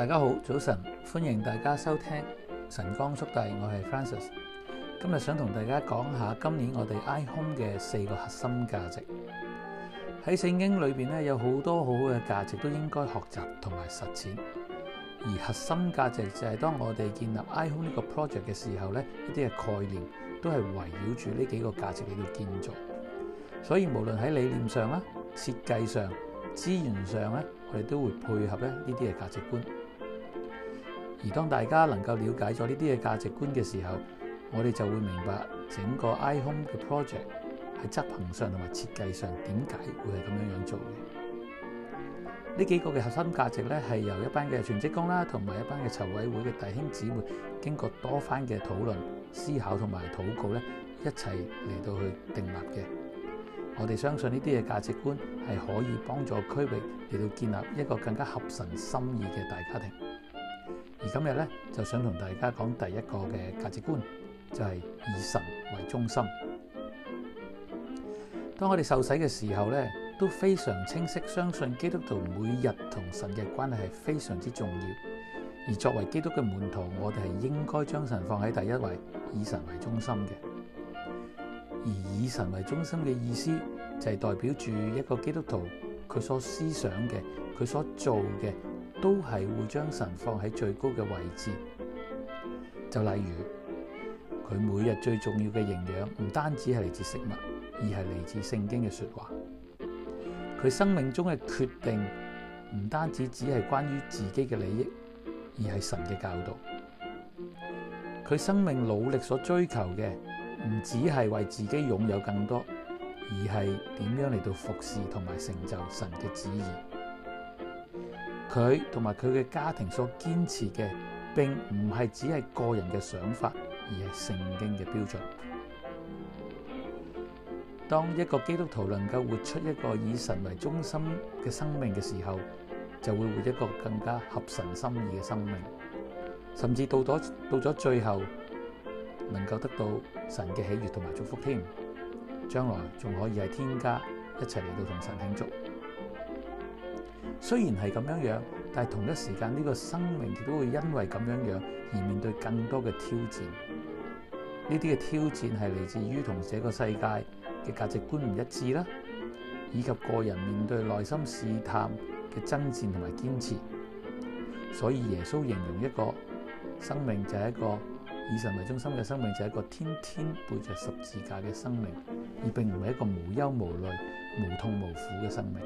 大家好，早晨，歡迎大家收聽晨光速遞。我係 Francis，今日想同大家講下今年我哋 iHome 嘅四個核心價值。喺聖經裏邊咧，有好多好嘅價值都應該學習同埋實踐。而核心價值就係當我哋建立 iHome 呢個 project 嘅時候咧，呢啲嘅概念都係圍繞住呢幾個價值嚟到建造。所以無論喺理念上啦、設計上、資源上咧，我哋都會配合咧呢啲嘅價值觀。而當大家能夠了解咗呢啲嘅價值觀嘅時候，我哋就會明白整個 iHome 嘅 project 喺執行上同埋設計上點解會係咁樣樣做嘅。呢幾個嘅核心價值咧，係由一班嘅全職工啦，同埋一班嘅籌委會嘅弟兄姊妹，經過多番嘅討論、思考同埋禱告咧，一齊嚟到去定立嘅。我哋相信呢啲嘅價值觀係可以幫助區域嚟到建立一個更加合神心意嘅大家庭。而今日咧，就想同大家講第一個嘅價值觀，就係以神為中心。當我哋受洗嘅時候咧，都非常清晰相信基督徒每日同神嘅關係係非常之重要。而作為基督徒嘅門徒，我哋係應該將神放喺第一位，以神為中心嘅。而以神為中心嘅意思，就係代表住一個基督徒佢所思想嘅，佢所做嘅，都係會將神放喺最高嘅位置。就例如，佢每日最重要嘅營養唔單止係嚟自食物，而係嚟自聖經嘅說話。佢生命中嘅決定唔單止只係關於自己嘅利益，而係神嘅教導。佢生命努力所追求嘅唔只係為自己擁有更多，而係點樣嚟到服侍同埋成就神嘅旨意。佢同埋佢嘅家庭所堅持嘅，並唔係只係個人嘅想法，而係聖經嘅標準。當一個基督徒能夠活出一個以神為中心嘅生命嘅時候，就會活一個更加合神心意嘅生命，甚至到咗到咗最後，能夠得到神嘅喜悅同埋祝福添。將來仲可以係天家一齊嚟到同神慶祝。雖然係咁樣樣，但係同一時間呢個生命亦都會因為咁樣樣而面對更多嘅挑戰。呢啲嘅挑戰係嚟自於同這個世界嘅價值觀唔一致啦，以及個人面對內心試探嘅爭戰同埋堅持。所以耶穌形容一個生命就係一個以神為中心嘅生命，就係一個天天背著十字架嘅生命，而並唔係一個無憂無慮、無痛無苦嘅生命。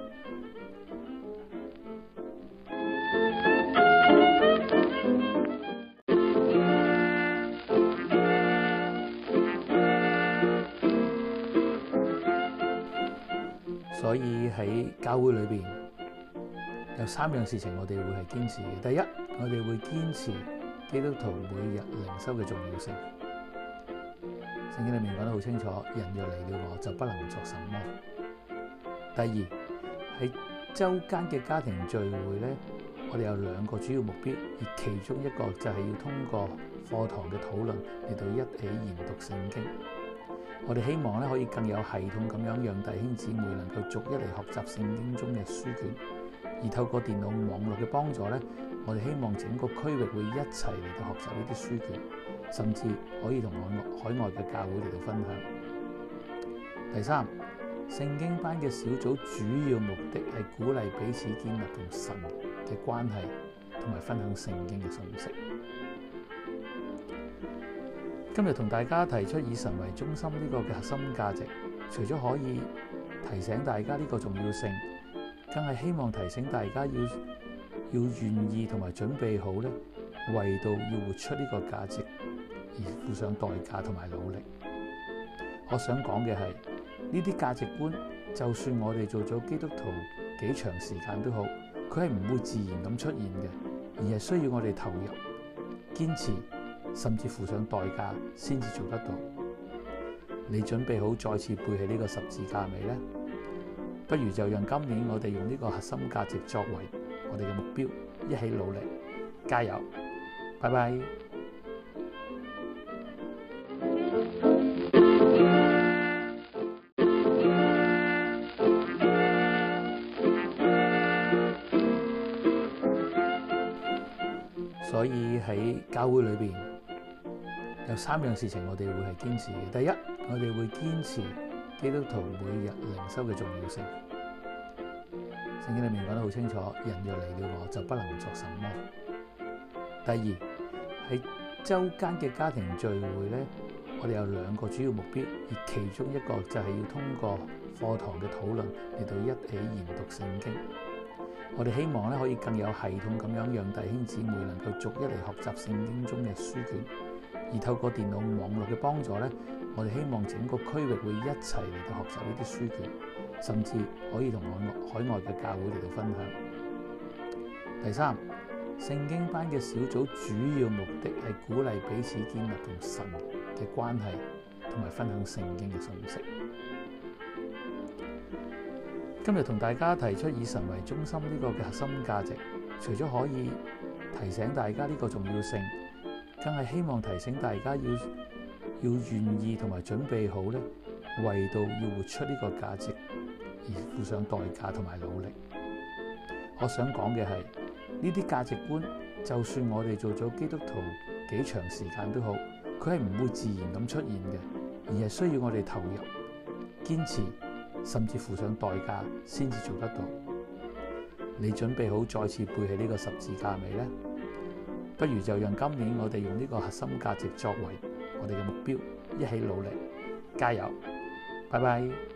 所以喺教會裏邊有三樣事情我哋會係堅持嘅。第一，我哋會堅持基督徒每日靈修嘅重要性。聖經裏面講得好清楚，人若離了我就不能做什麼。第二，喺周間嘅家庭聚會咧，我哋有兩個主要目標，而其中一個就係要通過課堂嘅討論嚟到一起研讀聖經。我哋希望咧可以更有系統咁樣，讓弟兄姊妹能夠逐一嚟學習聖經中嘅書卷，而透過電腦網絡嘅幫助咧，我哋希望整個區域會一齊嚟到學習呢啲書卷，甚至可以同海外海外嘅教會嚟到分享。第三，聖經班嘅小組主要目的係鼓勵彼此建立同神嘅關係，同埋分享聖經嘅信息。今日同大家提出以神為中心呢個嘅核心價值，除咗可以提醒大家呢個重要性，更係希望提醒大家要要願意同埋準備好呢，為到要活出呢個價值而付上代價同埋努力。我想講嘅係呢啲價值觀，就算我哋做咗基督徒幾長時間都好，佢係唔會自然咁出現嘅，而係需要我哋投入、堅持。甚至付上代價先至做得到。你準備好再次背起呢個十字架未呢？不如就讓今年我哋用呢個核心價值作為我哋嘅目標，一起努力，加油！拜拜。所以喺教會裏邊，有三樣事情我哋會係堅持嘅。第一，我哋會堅持基督徒每日靈修嘅重要性。聖經裏面講得好清楚，人若嚟離了我，就不能作什麼。第二，喺周間嘅家庭聚會呢，我哋有兩個主要目標，而其中一個就係要通過課堂嘅討論嚟到一起研讀聖經。我哋希望咧可以更有系統咁樣，讓弟兄姊妹能夠逐一嚟學習聖經中嘅書卷。而透過電腦網絡嘅幫助咧，我哋希望整個區域會一齊嚟到學習呢啲書卷，甚至可以同海外海外嘅教會嚟到分享。第三，聖經班嘅小組主要目的係鼓勵彼此建立同神嘅關係，同埋分享聖經嘅信息。今日同大家提出以神為中心呢個嘅核心價值，除咗可以提醒大家呢個重要性。更係希望提醒大家，要要願意同埋準備好呢，為到要活出呢個價值，而付上代價同埋努力。我想講嘅係呢啲價值觀，就算我哋做咗基督徒幾長時間都好，佢係唔會自然咁出現嘅，而係需要我哋投入、堅持，甚至付上代價先至做得到。你準備好再次背起呢個十字架未呢？不如就讓今年我哋用呢個核心價值作為我哋嘅目標，一起努力，加油！拜拜。